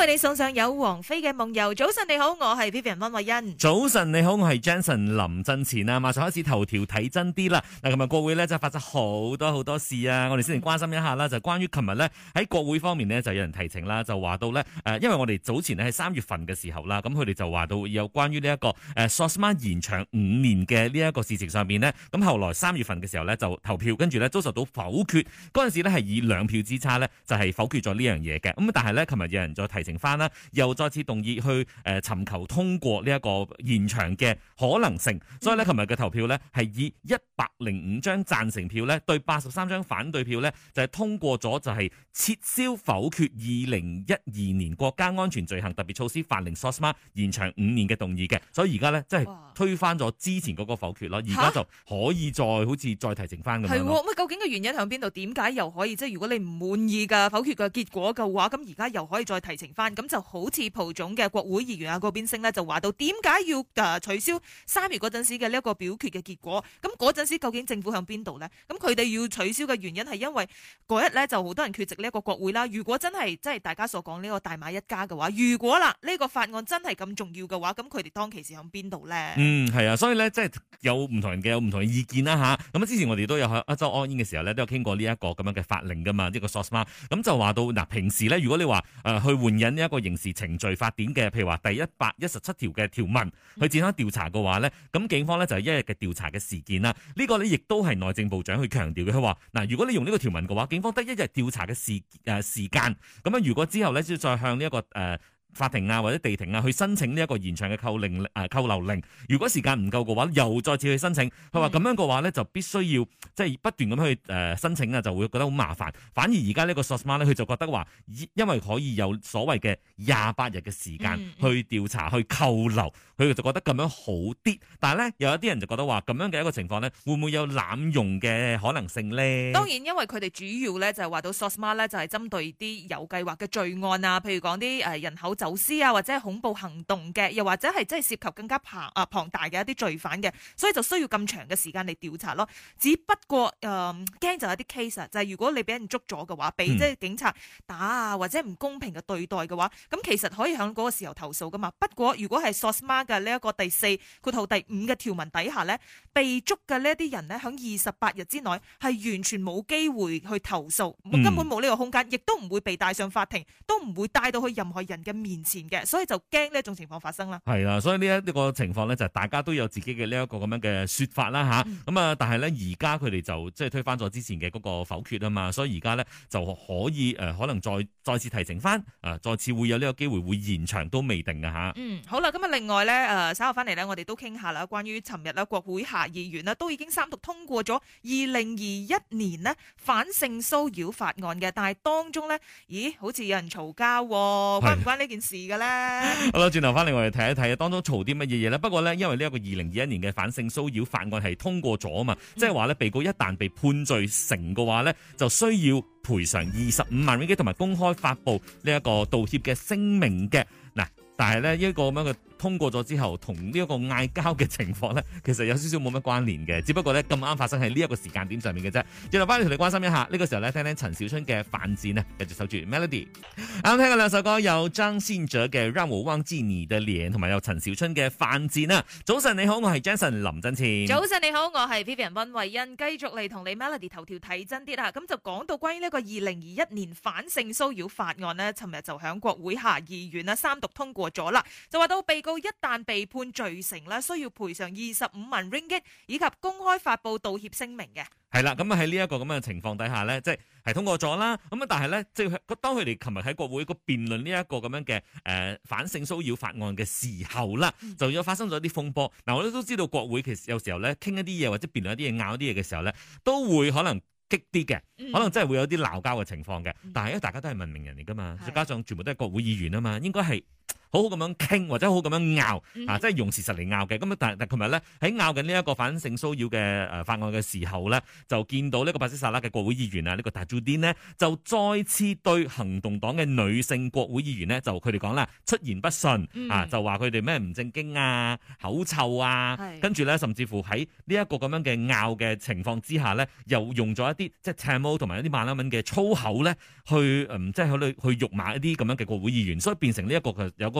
為你送上有王菲嘅夢遊，早晨你好，我係 Vivian 溫慧欣。早晨你好，我係 Jenson 林振前啊！馬上開始頭條睇真啲啦。嗱，琴日國會咧就發生好多好多事啊！我哋先嚟關心一下啦、嗯，就是、關於琴日咧喺國會方面呢，就有人提請啦，就話到咧誒，因為我哋早前咧喺三月份嘅時候啦，咁佢哋就話到有關於呢一個誒 SOSMA 延長五年嘅呢一個事情上面呢。咁後來三月份嘅時候呢，就投票，跟住呢，遭受到否決，嗰陣時呢，係以兩票之差呢，就係否決咗呢樣嘢嘅。咁但係呢，琴日有人再提醒。翻啦，又再次動議去誒尋求通過呢一個延長嘅可能性，所以咧，琴日嘅投票咧係以一百零五張贊成票咧對八十三張反對票咧，就係通過咗就係撤銷否決二零一二年國家安全罪行特別措施法令 SOSMA 延長五年嘅動議嘅，所以而家咧即係推翻咗之前嗰個否決咯，而家就可以再、啊、好似再提呈翻咁樣。咁究竟嘅原因喺邊度？點解又可以即係如果你唔滿意噶否決嘅結果嘅話，咁而家又可以再提呈？咁就好似蒲種嘅國會議員啊嗰邊廂咧，就話到點解要誒取消三月嗰陣時嘅呢一個表決嘅結果？咁嗰陣時究竟政府響邊度呢？咁佢哋要取消嘅原因係因為嗰日咧就好多人缺席呢一個國會啦。如果真係即係大家所講呢個大馬一家嘅話，如果啦呢個法案真係咁重要嘅話，咁佢哋當其時響邊度呢？嗯，係啊，所以咧即係有唔同人嘅有唔同嘅意見啦吓，咁、啊、之前我哋都有喺阿周安煙嘅時候咧，都有傾過呢一個咁樣嘅法令噶嘛，呢、這個 SOSMA 咁就話到嗱、啊，平時咧如果你話誒、呃、去換人。呢一個刑事程序法典嘅，譬如話第一百一十七條嘅條文去進行調查嘅話呢，咁警方呢就係一日嘅調查嘅事件啦。呢個呢亦都係內政部長去強調嘅，佢話嗱，如果你用呢個條文嘅話，警方得一日調查嘅事誒、呃、時間。咁樣如果之後咧，就再向呢一個誒、呃法庭啊或者地庭啊去申請呢一個延長嘅扣令誒、呃、扣留令，如果時間唔夠嘅話又再次去申請，佢話咁樣嘅話咧，就必須要即係、就是、不斷咁去誒、呃、申請啊，就會覺得好麻煩，反而而家呢個 SOSMA 咧，佢就覺得話，因為可以有所謂嘅廿八日嘅時間去調查去扣留，佢就覺得咁樣好啲。但係咧，有一啲人就覺得話咁樣嘅一個情況咧，會唔會有濫用嘅可能性咧？當然，因為佢哋主要咧就係、是、話到 SOSMA 咧，就係、是、針對啲有計劃嘅罪案啊，譬如講啲誒人口。走私啊，或者係恐怖行動嘅，又或者係真係涉及更加龐啊龐大嘅一啲罪犯嘅，所以就需要咁長嘅時間嚟調查咯。只不過誒驚、嗯、就一啲 case 就係、是、如果你俾人捉咗嘅話，被即係警察打啊，或者唔公平嘅對待嘅話，咁其實可以響個時候投訴噶嘛。不過如果係索 o s 嘅呢一個第四括號第五嘅條文底下咧，被捉嘅呢一啲人咧，響二十八日之內係完全冇機會去投訴，根本冇呢個空間，亦都唔會被帶上法庭，都唔會帶到去任何人嘅面。延前嘅，所以就驚呢一種情況發生啦。係啊，所以呢一呢個情況咧，就大家都有自己嘅呢一個咁樣嘅説法啦吓，咁、嗯、啊，但係咧而家佢哋就即係推翻咗之前嘅嗰個否決啊嘛，所以而家咧就可以誒、呃，可能再再次提呈翻啊，再次會有呢個機會會延長都未定的啊吓，嗯，好啦，咁啊另外咧誒，稍後翻嚟咧，我哋都傾下啦，關於尋日啦國會下議院啦都已經三讀通過咗二零二一年呢反性騷擾法案嘅，但係當中咧咦好似有人嘈交，關唔關呢件事嘅咧，好啦，轉頭翻嚟我哋睇一睇，當中嘈啲乜嘢嘢咧？不過咧，因為呢一個二零二一年嘅反性騷擾法案係通過咗啊嘛，即係話咧，被告一旦被判罪成嘅話咧，就需要賠償二十五萬蚊同埋公開發佈呢一個道歉嘅聲明嘅嗱，但係咧呢一個咁樣嘅。通過咗之後，同呢一個嗌交嘅情況呢，其實有點少少冇乜關聯嘅，只不過呢，咁啱發生喺呢一個時間點上面嘅啫。接落翻嚟同你關心一下，呢、這個時候呢，聽聽陳小春嘅《犯賤》啊，繼續守住 Melody。啱、嗯、聽過兩首歌，有張信哲嘅《Ramowang 讓我忘記你的臉》，同埋有陳小春嘅《犯賤》啊。早晨你好，我係 Jason 林振前。早晨你好，我係 Vivian 溫慧欣。繼續嚟同你 Melody 頭條睇真啲啊！咁就講到關於呢個二零二一年反性騷擾法案呢，尋日就喺國會下議院啦三讀通過咗啦，就話到被告。到一旦被判罪成咧，需要賠償二十五萬 ringgit 以及公開發佈道歉聲明嘅。係啦，咁啊喺呢一個咁嘅情況底下咧，即係係通過咗啦。咁啊，但係咧，即係當佢哋琴日喺國會，嗰個辯論呢一個咁樣嘅誒反性騷擾法案嘅時候啦，嗯，就咗發生咗啲風波。嗱，我都都知道國會其實有時候咧，傾一啲嘢，或者辯論一啲嘢，拗一啲嘢嘅時候咧，都會可能激啲嘅，嗯，可能真係會有啲鬧交嘅情況嘅，嗯。但係因為大家都係文明人嚟噶嘛，再加上全部都係國會議員啊嘛，應該係。好好咁樣傾，或者好好咁樣拗，啊，即係用事實嚟拗嘅。咁但係，琴日咧喺拗緊呢一個反性騷擾嘅、呃、法案嘅時候咧，就見到呢個巴斯沙拉嘅國會議員啊，呢、呢個達朱丁呢，就再次對行動黨嘅女性國會議員呢，就佢哋講啦，出言不遜啊，就話佢哋咩唔正經啊、口臭啊，跟住咧甚至乎喺呢一個咁樣嘅拗嘅情況之下呢，又用咗一啲即係 Tamil 同埋一啲馬來文嘅粗口咧，去、嗯、即係去去辱罵一啲咁樣嘅國會議員，所以變成呢一個有個。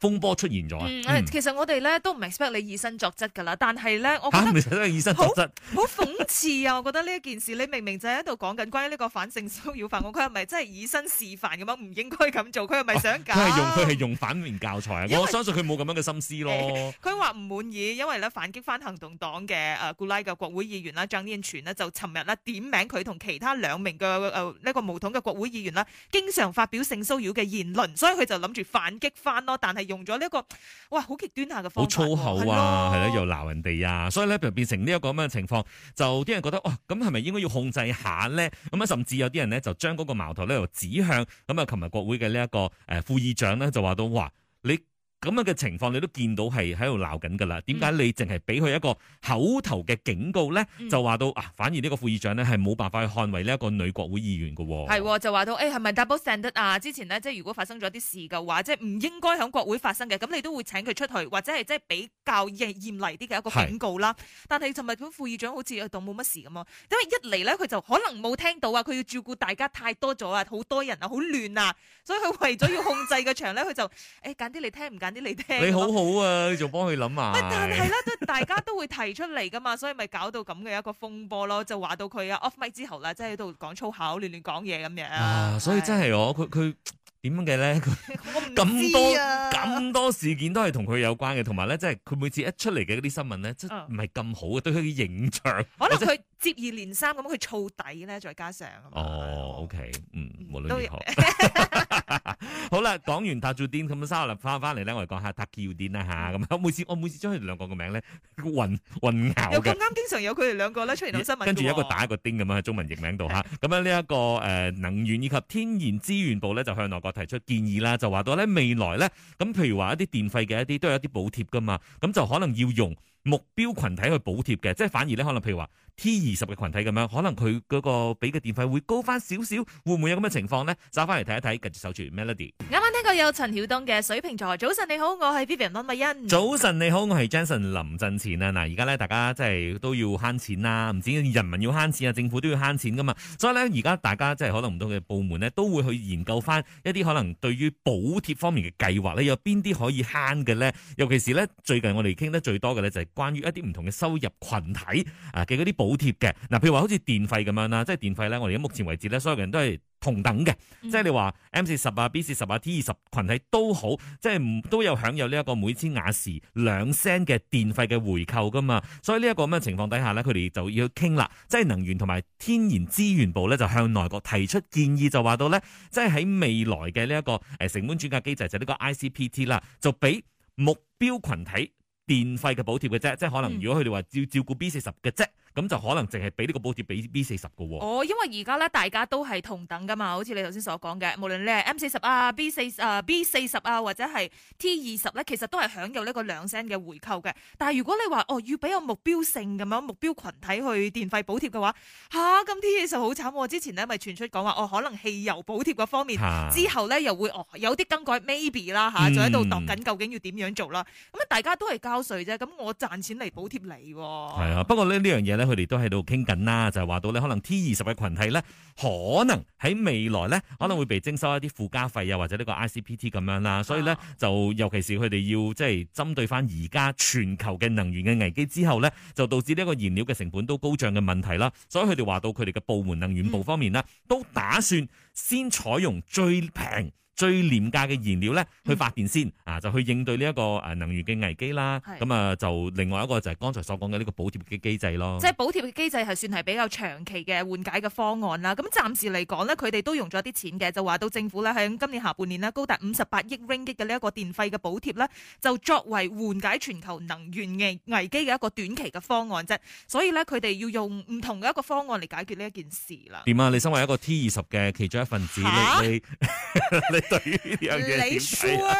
風波出現咗啊、嗯！其實我哋咧都唔 expect 你以身作則㗎啦，但係咧、嗯，我覺得好，好諷刺啊！ 我覺得呢一件事，你明明就喺度講緊關於呢個反性騷擾法，我佢係咪真係以身示範咁樣，樣？唔應該咁做，佢係咪想搞？佢係用佢係用反面教材。我相信佢冇咁樣嘅心思咯。佢話唔滿意，因為咧反擊翻行動黨嘅誒古拉嘅國會議員啦，張連全呢就尋日咧點名佢同其他兩名嘅呢、呃呢個巫統嘅國會議員啦，經常發表性騷擾嘅言論，所以佢就諗住反擊翻咯。但係用咗呢一個哇好極端下嘅方法，好粗口啊，係咧又鬧人哋啊，所以咧就變成呢一個咁嘅情況，就啲人覺得哇，咁係咪應該要控制下咧？咁啊，甚至有啲人咧就將嗰個矛頭咧又指向咁啊，琴日國會嘅呢一個誒副議長咧就話到哇，你。咁樣嘅情況你都見到係喺度鬧緊㗎啦，點解你淨係俾佢一個口頭嘅警告咧、嗯？就話到啊，反而呢個副議長咧係冇辦法去捍衞呢一個女國會議員嘅喎。係，就話到誒係咪 double standard 啊？之前咧即係如果發生咗啲事嘅話，即係唔應該喺國會發生嘅，咁你都會請佢出去，或者係即係比較嚴嚴厲啲嘅一個警告啦。但係尋日嗰副議長好似又當冇乜事咁啊，因為一嚟咧佢就可能冇聽到啊，佢要照顧大家太多咗啊，好多人啊，好亂啊，所以佢為咗要控制個場咧，佢就誒揀啲你聽唔緊。啲聽你好好啊，你仲幫佢諗啊！但係咧，都大家都會提出嚟噶嘛， 所以咪搞到咁嘅一個風波咯，就話到佢啊 off mic 之後啦，即係喺度講粗口、亂亂講嘢咁樣啊！所以真係我佢佢點樣嘅咧？咁、 啊、多咁多事件都係同佢有關嘅，同埋咧，即係佢每次一出嚟嘅啲新聞咧，即唔係咁好嘅，嗯，對佢嘅形象，可能佢接二連三咁佢燥底咧，再加上。哦 O、okay, K，嗯，無論如何， 好啦，講完塔電咁三啊翻翻嚟咧，我哋講下塔撬電啦吓。咁 我每次我每次將佢哋兩個個名咧混混淆又咁啱，剛剛經常有佢哋兩個咧出現新聞。跟住一個打一個釘咁樣喺中文譯名度吓。咁樣呢一個誒、呃，能源以及天然資源部咧就向內閣提出建議啦，就話到咧未來咧咁譬如話一啲電費嘅一啲都有一啲補貼㗎嘛，咁就可能要用。目標群體去補貼嘅，即係反而咧，可能譬如話 T 二十嘅群體咁樣，可能佢嗰個俾嘅電費會高翻少少，會唔會有咁嘅情況咧？揸翻嚟睇一睇，繼續守住 Melody。啱啱聽過有陳曉東嘅水瓶座，早晨你好，我係 Vivian 林偉恩。早晨你好，我係 Jensen 林振前啊！嗱，而家咧大家即係都要慳錢啦，唔止人民要慳錢啊，政府都要慳錢噶嘛。所以咧，而家大家即係可能唔同嘅部門咧，都會去研究翻一啲可能對於補貼方面嘅計劃咧，有邊啲可以慳嘅咧？尤其是咧，最近我哋傾得最多嘅咧就係、是。關於一啲唔同嘅收入群體啊嘅嗰啲補貼嘅，嗱譬如話好似電費咁樣啦，即係電費咧，我哋而家目前為止咧，所有的人都係同等嘅，嗯，即係你話 M 四十啊、B 四十啊、T 二十群體都好，即係都有享有呢一個每千瓦時兩 cents 嘅電費嘅回扣噶嘛。所以呢一個咁嘅情況底下咧，佢哋就要去傾啦，即係能源同埋天然資源部咧就向內閣提出建議就說，就話到咧，即係喺未來嘅呢一個誒成本轉嫁機制就呢個 ICPT 啦，就俾目標群體。電費嘅補貼嘅啫，即係可能如果佢哋話照照顧 B 四十嘅啫。咁就可能淨係俾呢個補貼俾 B 四十嘅喎。哦，因為而家咧大家都係同等噶嘛，好似你頭先所講嘅，無論你係 M 四十啊、B 四啊、B 四十啊，或者係 T 二十咧，其實都係享有呢個兩成嘅回扣嘅。但係如果你話哦要俾個目標性咁樣目標群體去電費補貼嘅話，吓、啊，咁 T 二十好慘。之前呢咪傳出講話哦，可能汽油補貼嗰方面、啊、之後咧又會哦有啲更改 maybe 啦、啊、吓，就、嗯、喺度度緊究竟要點樣做啦。咁啊大家都係交稅啫，咁我賺錢嚟補貼你喎、哦。係啊，不過咧呢樣嘢咧。佢哋都喺度傾緊啦，就係話到咧，可能 T 二十嘅群體呢，可能喺未來呢可能會被徵收一啲附加費啊，或者呢個 ICPT 咁樣啦。所以呢，就尤其是佢哋要即係針對返而家全球嘅能源嘅危機之後呢，就導致呢個燃料嘅成本都高漲嘅問題啦。所以佢哋話到，佢哋嘅部門能源部方面呢，都打算先採用最平。最廉價嘅燃料咧，去發電先，嗯、啊，就去應對呢一個誒能源嘅危機啦。咁，嗯、啊，就另外一個就係剛才所講嘅呢個補貼嘅機制咯。即係補貼嘅機制係算係比較長期嘅緩解嘅方案啦。咁暫時嚟講咧，佢哋都用咗啲錢嘅，就話到政府咧，喺今年下半年咧，高達五十八億 ringgit 嘅呢一個電費嘅補貼咧，就作為緩解全球能源嘅危機嘅一個短期嘅方案啫。所以咧，佢哋要用唔同嘅一個方案嚟解決呢一件事啦。點啊？你身為一個 T 二十嘅其中一份子，你你， 你對於呢啲嘢你 sure？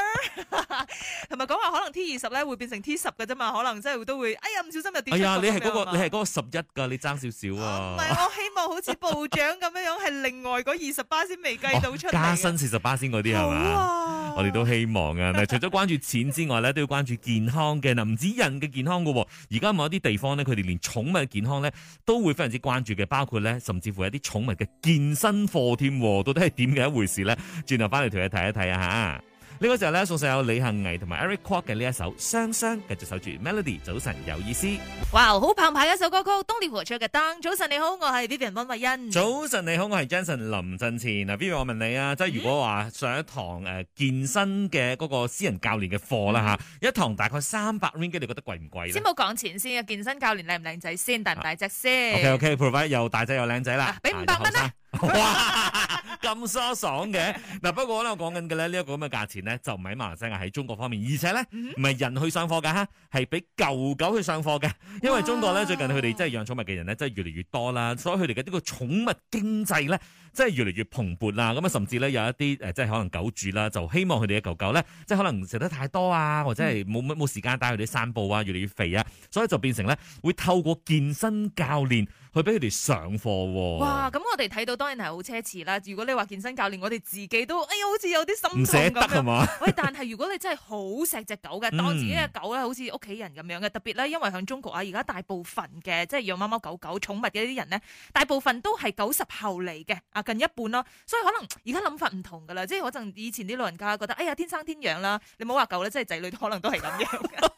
同埋講話可能 T 二十咧會變成 T 十嘅啫嘛，可能真係都會哎呀唔小心又跌、哎。係、那個、啊，你係嗰個你係嗰十一㗎，你爭少少啊！唔係，我希望好似部長咁樣樣係另外嗰二十八先未計到出嚟、 哦。加薪四十八先嗰啲係嘛？我哋都希望啊！嗱，除咗關注錢之外咧，都要關注健康嘅唔止人嘅健康嘅喎、啊，而家某一啲地方咧，佢哋連寵物嘅健康咧都會非常之關注嘅，包括咧甚至乎有啲寵物嘅健身課添，到底係點嘅一回事咧？轉頭翻嚟同你睇一睇啊吓！這呢個時候咧送上有李幸倪同埋 Eric Kwok 嘅呢一首《雙雙》，繼續守住 Melody。早晨有意思。哇，好澎湃嘅一首歌曲《冬夜和出嘅燈》。早晨你好，我係 Vivian 溫慧欣。早晨你好，我係 Jason 林振前。嗱 Vivian，我問你啊，即係如果話上一堂誒、嗯、健身嘅嗰個私人教練嘅課啦吓，一堂大概三百 Ringgit，你覺得貴唔貴？先唔好講錢先，健身教練靚唔靚仔先，大唔大隻先。OK OK，provide 又大隻又靚仔啦，俾五百蚊啦。哇，咁疏爽嘅嗱，不過咧我講緊嘅咧呢一個咁嘅價錢咧就唔係喺馬來西亞，喺中國方面，而且咧唔係人去上課噶，係俾狗狗去上課嘅。因為中國咧最近佢哋即係養寵物嘅人咧，真係越嚟越多啦，所以佢哋嘅呢個寵物經濟咧，即係越嚟越蓬勃啦。咁啊，甚至咧有一啲誒，即係可能狗主啦，就希望佢哋嘅狗狗咧，即係可能唔食得太多啊，或者係冇乜冇時間帶佢哋散步啊，越嚟越肥啊，所以就變成咧會透過健身教練去俾佢哋上課。哇，咁我哋睇到。當然係好奢侈啦！如果你話健身教練，我哋自己都哎呀，好似有啲心痛咁樣。唔捨得係嘛？喂，但係如果你真係好錫隻狗嘅， 當自己嘅狗咧，好似屋企人咁樣嘅。嗯、特別咧，因為響中國啊，而家大部分嘅即係養貓貓狗狗寵物嘅啲人咧，大部分都係九十後嚟嘅啊，近一半咯。所以可能而家諗法唔同噶啦，即係可能以前啲老人家覺得，哎呀天生天養啦，你唔好話狗咧，即係仔女都可能都係咁樣嘅。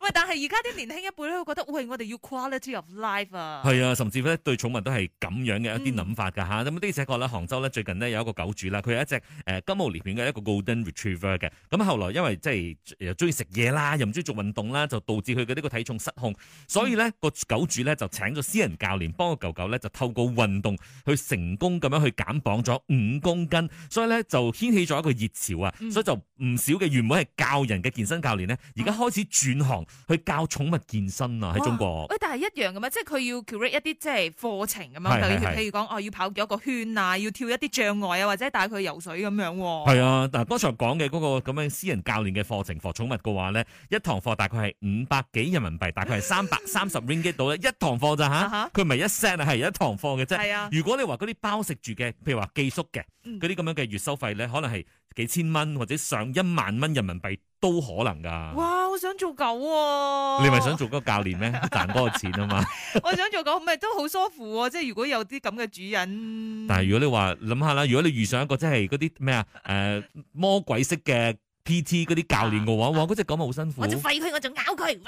喂， 但係而家啲年輕一輩咧，會覺得喂、哎，我哋要 quality of life 啊。係啊，甚至乎對寵物都係咁樣嘅一啲諗法噶。咁的確咧，杭州咧最近呢有一個狗主啦，佢有一隻、呃、金毛獵犬嘅一個 Golden Retriever 嘅。咁後來因為即係又中意食嘢啦，又唔中意做運動啦，就導致佢嘅呢個體重失控。所以呢、嗯，那個狗主咧就請咗私人教練幫個狗狗咧就透過運動去成功咁樣去減磅咗五公斤。所以咧就掀起咗一個熱潮啊、嗯！所以就唔少嘅原本係教人嘅健身教練呢，而家開始轉行去教寵物健身啊！喺中國。喂，但係一樣嘅咩？即係佢要 create 一啲即係課程咁樣，譬如講，哦要跑。有個圈啊，要跳一啲障礙啊，或者帶佢游水咁樣喎。係啊，嗱剛才講嘅嗰個咁樣私人教練嘅課程，課寵物嘅話咧，一堂課大概係五百幾人民幣， 大概係三百三十 ringgit 到啦， 一堂課咋吓？吓、uh-huh?，佢唔係一 set 啊，係一堂課嘅啫。係啊，如果你話嗰啲包食住嘅，譬如話寄宿嘅，嗰啲咁樣嘅月收費咧，可能係。幾千蚊或者上一萬蚊人民幣都可能噶。哇！我想做狗、啊。你咪想做嗰個教練咩？賺嗰個錢啊嘛。 我想做狗，唔係都好舒服、啊？即係如果有啲咁嘅主人。但係如果你話諗下啦，如果你遇上一個即係嗰啲咩啊？誒、呃，魔鬼式嘅。P.T. 嗰啲教練嘅話，嗰隻狗咪好辛苦。我就廢佢，我就咬佢。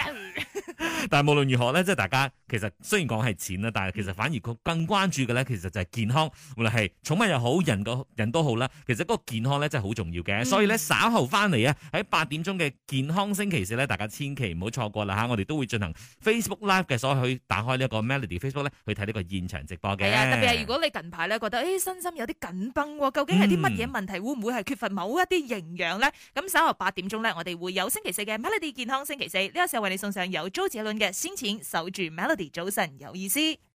但係無論如何咧，即係大家其實雖然講係錢啦，但係其實反而佢更關注嘅咧，其實就係健康，無論係寵物又好，人個人都好啦。其實嗰個健康咧真係好重要嘅。所以咧稍後翻嚟啊，喺八點鐘嘅健康星期四咧，大家千祈唔好錯過啦吓，我哋都會進行 Facebook Live 嘅，所以可以打開呢一個 Melody Facebook 咧去睇呢個現場直播嘅。係啊，特別係如果你近排咧覺得誒身心有啲緊繃，究竟係啲乜嘢問題？會唔會係缺乏某一啲營養咧？咁稍後八點鐘咧，我哋會有星期四嘅 Melody 健康星期四，呢個時候為你送上有周子倫嘅先錢守住 Melody 早晨有意思。